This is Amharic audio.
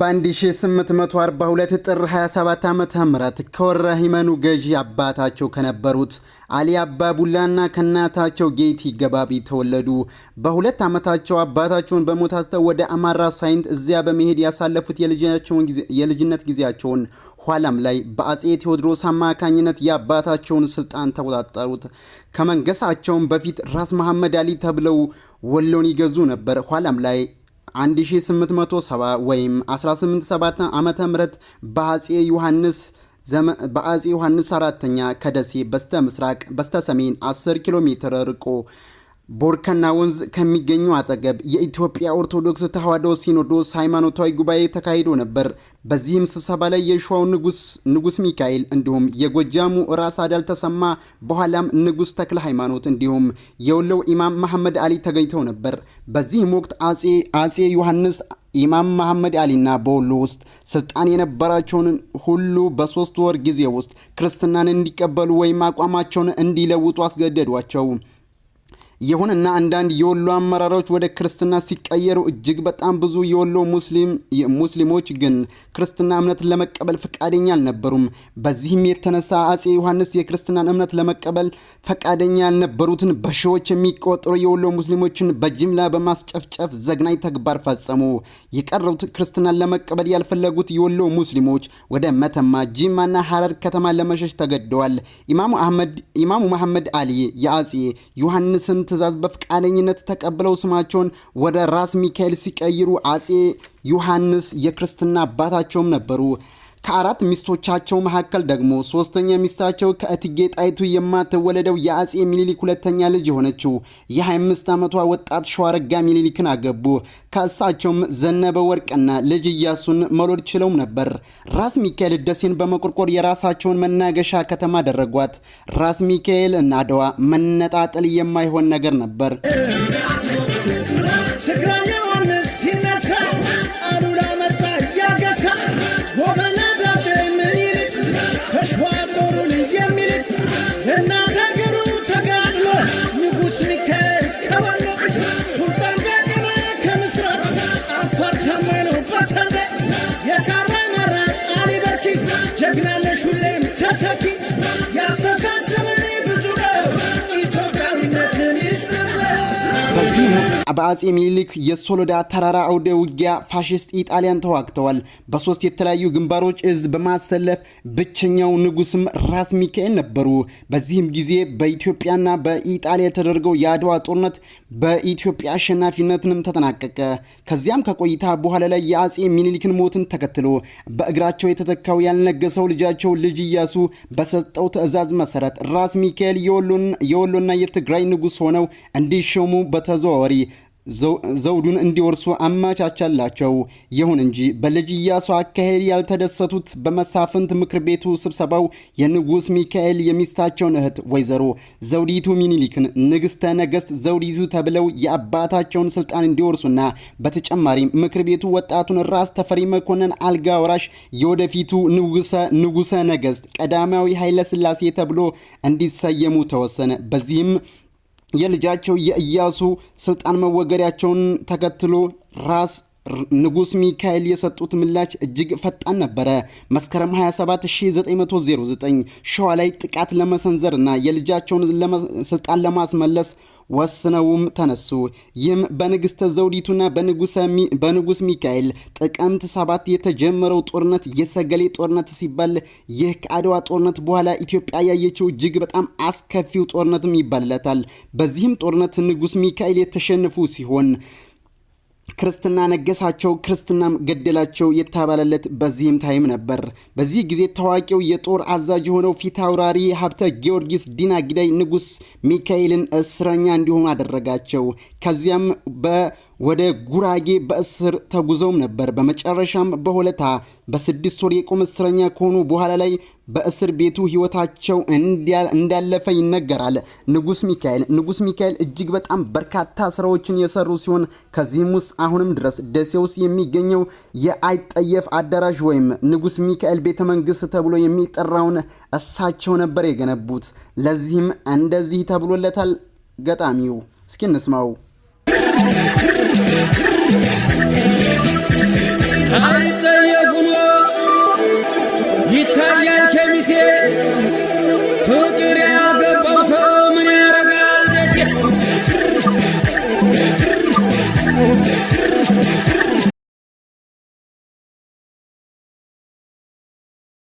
በ1842 ጥር 27 ዓ ም ከወራ ገዢ አባታቸው ከነበሩት አሊ አባ ቡላና ከእናታቸው ጌቲ ገባቢ ተወለዱ። በሁለት ዓመታቸው አባታቸውን በሞታቸው ወደ አማራ ሳይንት እዚያ በመሄድ ያሳለፉት የልጅነት ጊዜያቸውን ኋላም ላይ በአጼ ቴዎድሮስ አማካኝነት የአባታቸውን ስልጣን ተቆጣጠሩት። ከመንገሳቸውም በፊት ራስ መሐመድ አሊ ተብለው ወሎን ይገዙ ነበር። ኋላም ላይ 1870 ወይም 187 ዓመተ ምህረት በአጼ ዮሐንስ በአጼ ዮሐንስ አራተኛ ከደሴ በስተ ምስራቅ በስተ ሰሜን 10 ኪሎ ሜትር ርቆ ቦርከና ወንዝ ከሚገኙ አጠገብ የኢትዮጵያ ኦርቶዶክስ ተዋሕዶ ሲኖዶስ ሃይማኖታዊ ጉባኤ ተካሂዶ ነበር። በዚህም ስብሰባ ላይ የሸዋው ንጉስ ንጉስ ሚካኤል እንዲሁም የጎጃሙ ራስ አዳል ተሰማ በኋላም ንጉስ ተክለ ሃይማኖት እንዲሁም የወሎው ኢማም መሐመድ አሊ ተገኝተው ነበር። በዚህም ወቅት አጼ ዮሐንስ ኢማም መሐመድ አሊና በወሎ ውስጥ ስልጣን የነበራቸውን ሁሉ በሶስት ወር ጊዜ ውስጥ ክርስትናን እንዲቀበሉ ወይም አቋማቸውን እንዲለውጡ አስገደዷቸው። ይሁንና አንዳንድ የወሎ አመራሮች ወደ ክርስትና ሲቀየሩ እጅግ በጣም ብዙ የወሎ ሙስሊሞች ግን ክርስትና እምነትን ለመቀበል ፈቃደኛ አልነበሩም። በዚህም የተነሳ አጼ ዮሐንስ የክርስትናን እምነት ለመቀበል ፈቃደኛ ያልነበሩትን በሺዎች የሚቆጠሩ የወሎ ሙስሊሞችን በጅምላ በማስጨፍጨፍ ዘግናኝ ተግባር ፈጸሙ። የቀረቡት ክርስትናን ለመቀበል ያልፈለጉት የወሎ ሙስሊሞች ወደ መተማ፣ ጂማና ሀረር ከተማ ለመሸሽ ተገደዋል። ኢማሙ መሐመድ አሊ የአጼ ዮሐንስን ትእዛዝ በፈቃደኝነት ተቀብለው ስማቸውን ወደ ራስ ሚካኤል ሲቀይሩ አጼ ዮሐንስ የክርስትና አባታቸውም ነበሩ። ከአራት ሚስቶቻቸው መካከል ደግሞ ሶስተኛ ሚስታቸው ከእትጌ ጣይቱ የማትወለደው የአጼ ሚኒሊክ ሁለተኛ ልጅ የሆነችው የ25 ዓመቷ ወጣት ሸዋረጋ ሚኒሊክን አገቡ። ከእሳቸውም ዘነበ ወርቅና ልጅ እያሱን መውለድ ችለውም ነበር። ራስ ሚካኤል ደሴን በመቆርቆር የራሳቸውን መናገሻ ከተማ አደረጓት። ራስ ሚካኤል እና አድዋ መነጣጠል የማይሆን ነገር ነበር። you. በአጼ ሚኒሊክ የሶሎዳ ተራራ አውደ ውጊያ ፋሽስት ኢጣሊያን ተዋግተዋል። በሶስት የተለያዩ ግንባሮች እዝ በማሰለፍ ብቸኛው ንጉስም ራስ ሚካኤል ነበሩ። በዚህም ጊዜ በኢትዮጵያና በኢጣሊያ የተደረገው የአድዋ ጦርነት በኢትዮጵያ አሸናፊነትንም ተጠናቀቀ። ከዚያም ከቆይታ በኋላ ላይ የአጼ ሚኒሊክን ሞትን ተከትሎ በእግራቸው የተተካው ያልነገሰው ልጃቸው ልጅ እያሱ በሰጠው ትዕዛዝ መሰረት ራስ ሚካኤል የወሎና የትግራይ ንጉስ ሆነው እንዲሾሙ በተዘዋወሪ ዘውዱን እንዲወርሱ አመቻቻላቸው ይሁን እንጂ በልጅ ኢያሱ አካሄድ ያልተደሰቱት በመሳፍንት ምክር ቤቱ ስብሰባው የንጉሥ ሚካኤል የሚስታቸውን እህት ወይዘሮ ዘውዲቱ ሚኒሊክን ንግሥተ ነገሥት ዘውዲቱ ተብለው የአባታቸውን ስልጣን እንዲወርሱና በተጨማሪም ምክር ቤቱ ወጣቱን ራስ ተፈሪ መኮንን አልጋ ወራሽ የወደፊቱ ንጉሰ ነገሥት ቀዳማዊ ኃይለ ሥላሴ ተብሎ እንዲሰየሙ ተወሰነ። በዚህም የልጃቸው የኢያሱ ስልጣን መወገዳቸውን ተከትሎ ራስ ንጉሥ ሚካኤል የሰጡት ምላሽ እጅግ ፈጣን ነበረ። መስከረም 27 1909 ሸዋ ላይ ጥቃት ለመሰንዘር እና የልጃቸውን ስልጣን ለማስመለስ ወስነውም ተነሱ። ይህም በንግሥተ ዘውዲቱና በንጉሥ ሚካኤል ጥቅምት ሰባት የተጀመረው ጦርነት የሰገሌ ጦርነት ሲባል ይህ ከአድዋ ጦርነት በኋላ ኢትዮጵያ ያየችው እጅግ በጣም አስከፊው ጦርነትም ይባልለታል። በዚህም ጦርነት ንጉሥ ሚካኤል የተሸነፉ ሲሆን ክርስትና ነገሳቸው፣ ክርስትናም ገደላቸው የተባለለት በዚህም ታይም ነበር። በዚህ ጊዜ ታዋቂው የጦር አዛዥ የሆነው ፊት አውራሪ ሀብተ ጊዮርጊስ ዲና ግዳይ ሚካኤልን እስረኛ እንዲሆኑ አደረጋቸው። ከዚያም በ ወደ ጉራጌ በእስር ተጉዘውም ነበር። በመጨረሻም በሆለታ በስድስት ወር የቁም እስረኛ ከሆኑ በኋላ ላይ በእስር ቤቱ ህይወታቸው እንዳለፈ ይነገራል። ንጉስ ሚካኤል ንጉስ ሚካኤል እጅግ በጣም በርካታ ስራዎችን የሰሩ ሲሆን ከዚህም ውስጥ አሁንም ድረስ ደሴ ውስጥ የሚገኘው የአይጠየፍ አዳራሽ ወይም ንጉስ ሚካኤል ቤተ መንግስት ተብሎ የሚጠራውን እሳቸው ነበር የገነቡት። ለዚህም እንደዚህ ተብሎለታል። ገጣሚው እስኪ እንስማው። Yeah.